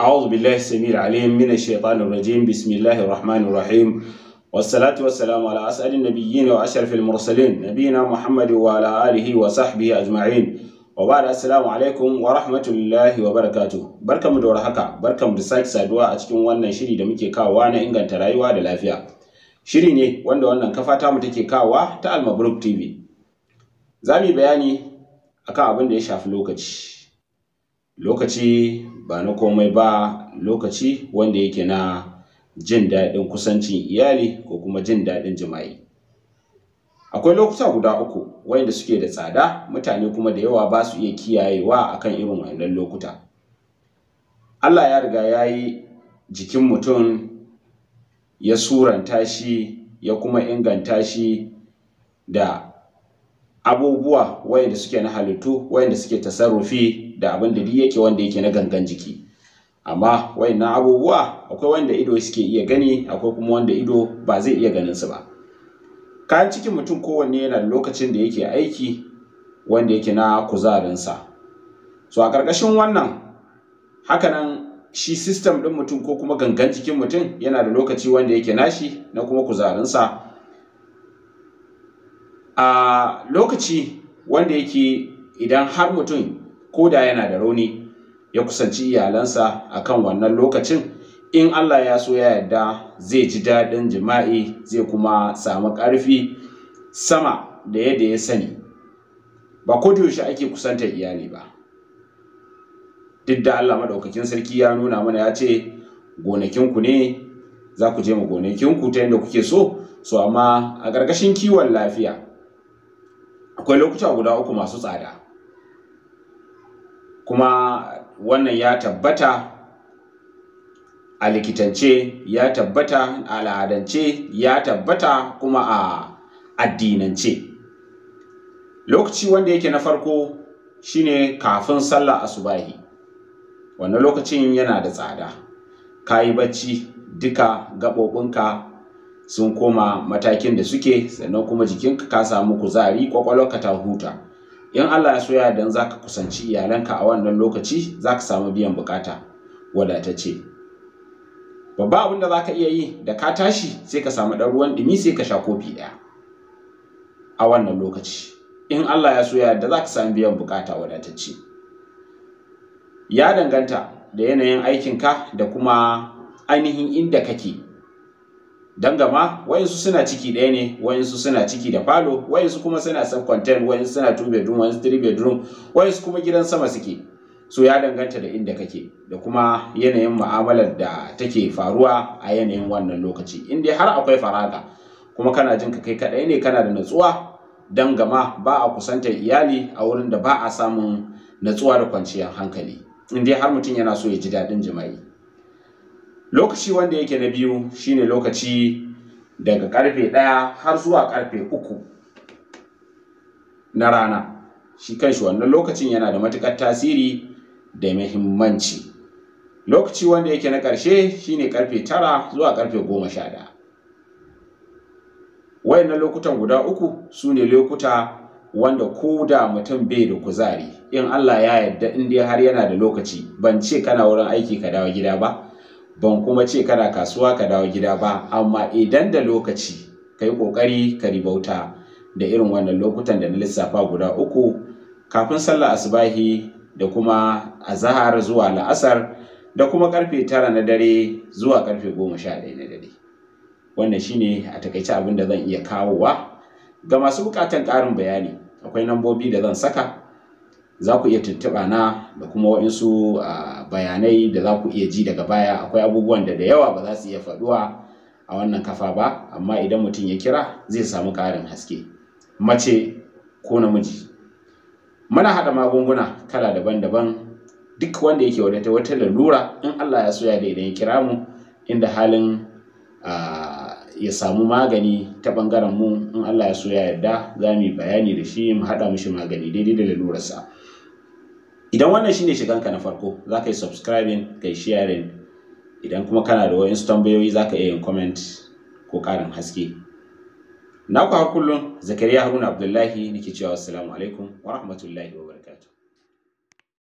أعوذ بالله السميع العليم من الشيطان الرجيم بسم الله الرحمن الرحيم والصلاة والسلام على أسأل النبيين وأشرف المرسلين نبينا محمد وعلى آله وصحبه أجمعين وبعد السلام عليكم ورحمة الله وبركاته بركة مدور حكا بركة مدساك سادوا أتكم وانا شري دميكي كاوانا إنغان ترايوا دلافيا shiri شري ني وانا وانا كفا take kawa ta almabruk tv za mu yi bayani akan abin da ya lokaci ba na komai ba lokaci wanda yake na jin daɗin kusancin iyali ko kuma jin daɗin jima'i akwai lokuta guda uku wanda suke da tsada mutane kuma da yawa ba su iya kiyayewa akan irin wannan lokuta Allah ya riga ya yi jikin mutum ya suranta shi ya kuma inganta shi da abubuwa wayanda suke na halittu wayanda suke tasarrufi da abin da duk yake wanda yake na gangan jiki amma wayannan abubuwa akwai wanda ido suke iya gani akwai kuma wanda ido ba zai iya ganin su ba kayan cikin mutum kowanne yana da lokacin da yake aiki wanda yake na kuzarinsa so a ƙarƙashin wannan hakanan shi system ɗin mutum ko kuma gangan jikin mutum yana da lokaci wanda yake nashi na kuma kuzarinsa a lokaci wanda yake idan har mutum ko da yana da rauni ya kusanci iyalansa a kan wannan lokacin in Allah ya so ya yarda zai ji daɗin jima'i zai kuma samu ƙarfi sama da yadda ya sani ba ko da yaushe ake kusantar iyali ba duk da Allah maɗaukakin sarki ya nuna mana ya ce gonakinku ne za ku je ma gonakinku ta yadda kuke so so amma a ƙarƙashin kiwon lafiya akwai lokuta guda uku masu tsada kuma wannan ya tabbata a likitance ya tabbata a al'adance ya tabbata kuma a addinance lokaci wanda yake na farko shine kafin sallah asubahi wannan lokacin yana da tsada ka yi bacci duka gaɓoɓinka sun koma matakin da suke sannan kuma jikinka ka samu kuzari kwakwalwarka ta huta in Allah ya soya dan zaka kusanci iyalanka a wannan lokaci zaka samu biyan bukata wadatacce babba abin da zaka iya yi da ka tashi sai ka samu dan ruwan dumi sai ka sha kofi daya a wannan lokaci in Allah ya soya da zaka samu biyan bukata wadatacce ya danganta da yanayin aikinka da kuma ainihin inda kake gama, wayansu suna ciki ɗaya ne wayansu suna ciki da falo wayansu kuma suna sub content wayansu suna two bedroom wayansu three bedroom wayansu kuma gidan sama suke so ya danganta da inda kake da kuma yanayin mu'amalar da take faruwa a yanayin wannan lokaci in dai har akwai faraga kuma kana jin ka kai kaɗai ne kana da natsuwa gama, ba a kusantar iyali a wurin da ba a samun natsuwa da kwanciyar hankali in dai har mutum yana so ya ji daɗin jima'i lokaci wanda yake na biyu shine lokaci daga karfe ɗaya har zuwa karfe uku na rana shi kanshi wannan lokacin yana da matuƙar tasiri da muhimmanci lokaci wanda yake na ƙarshe shine karfe tara zuwa karfe goma sha ɗaya wayannan lokutan guda uku su ne lokuta wanda ko da mutum bai da kuzari in Allah ya yarda in har yana da lokaci ban ce kana wurin aiki ka dawo gida ba ban kuma ce kana kasuwa ka dawo gida ba amma idan da lokaci ka yi ƙoƙari ka ribauta da irin wannan lokutan da na lissafa guda uku kafin sallah asubahi da kuma azahar zuwa la'asar da kuma karfe tara na dare zuwa karfe goma sha ɗaya na dare wannan shine a takaice abin da zan iya kawowa ga masu buƙatan ƙarin bayani akwai lambobi da zan saka za ku iya tuntuɓa na da kuma waɗansu bayanai da za ku iya ji daga baya akwai abubuwan da da yawa ba za su iya faɗuwa a wannan kafa ba amma idan mutum ya kira zai samu ƙarin haske mace ko namiji muna haɗa magunguna kala daban-daban duk wanda yake wadata wata lalura in Allah ya soya da idan ya kira mu inda halin ya samu magani ta ɓangaren mu in Allah ya soya ya yarda za mu yi bayani da shi mu haɗa mishi magani daidai da lalurarsa. idan wannan shine shiganka na farko za ka yi subscribing ka yi sharing idan kuma kana da wayansu tambayoyi za ka iya comment ko karin haske na ku har kullum zakariya haruna abdullahi nake cewa assalamu alaikum wa rahmatullahi wa barakatuh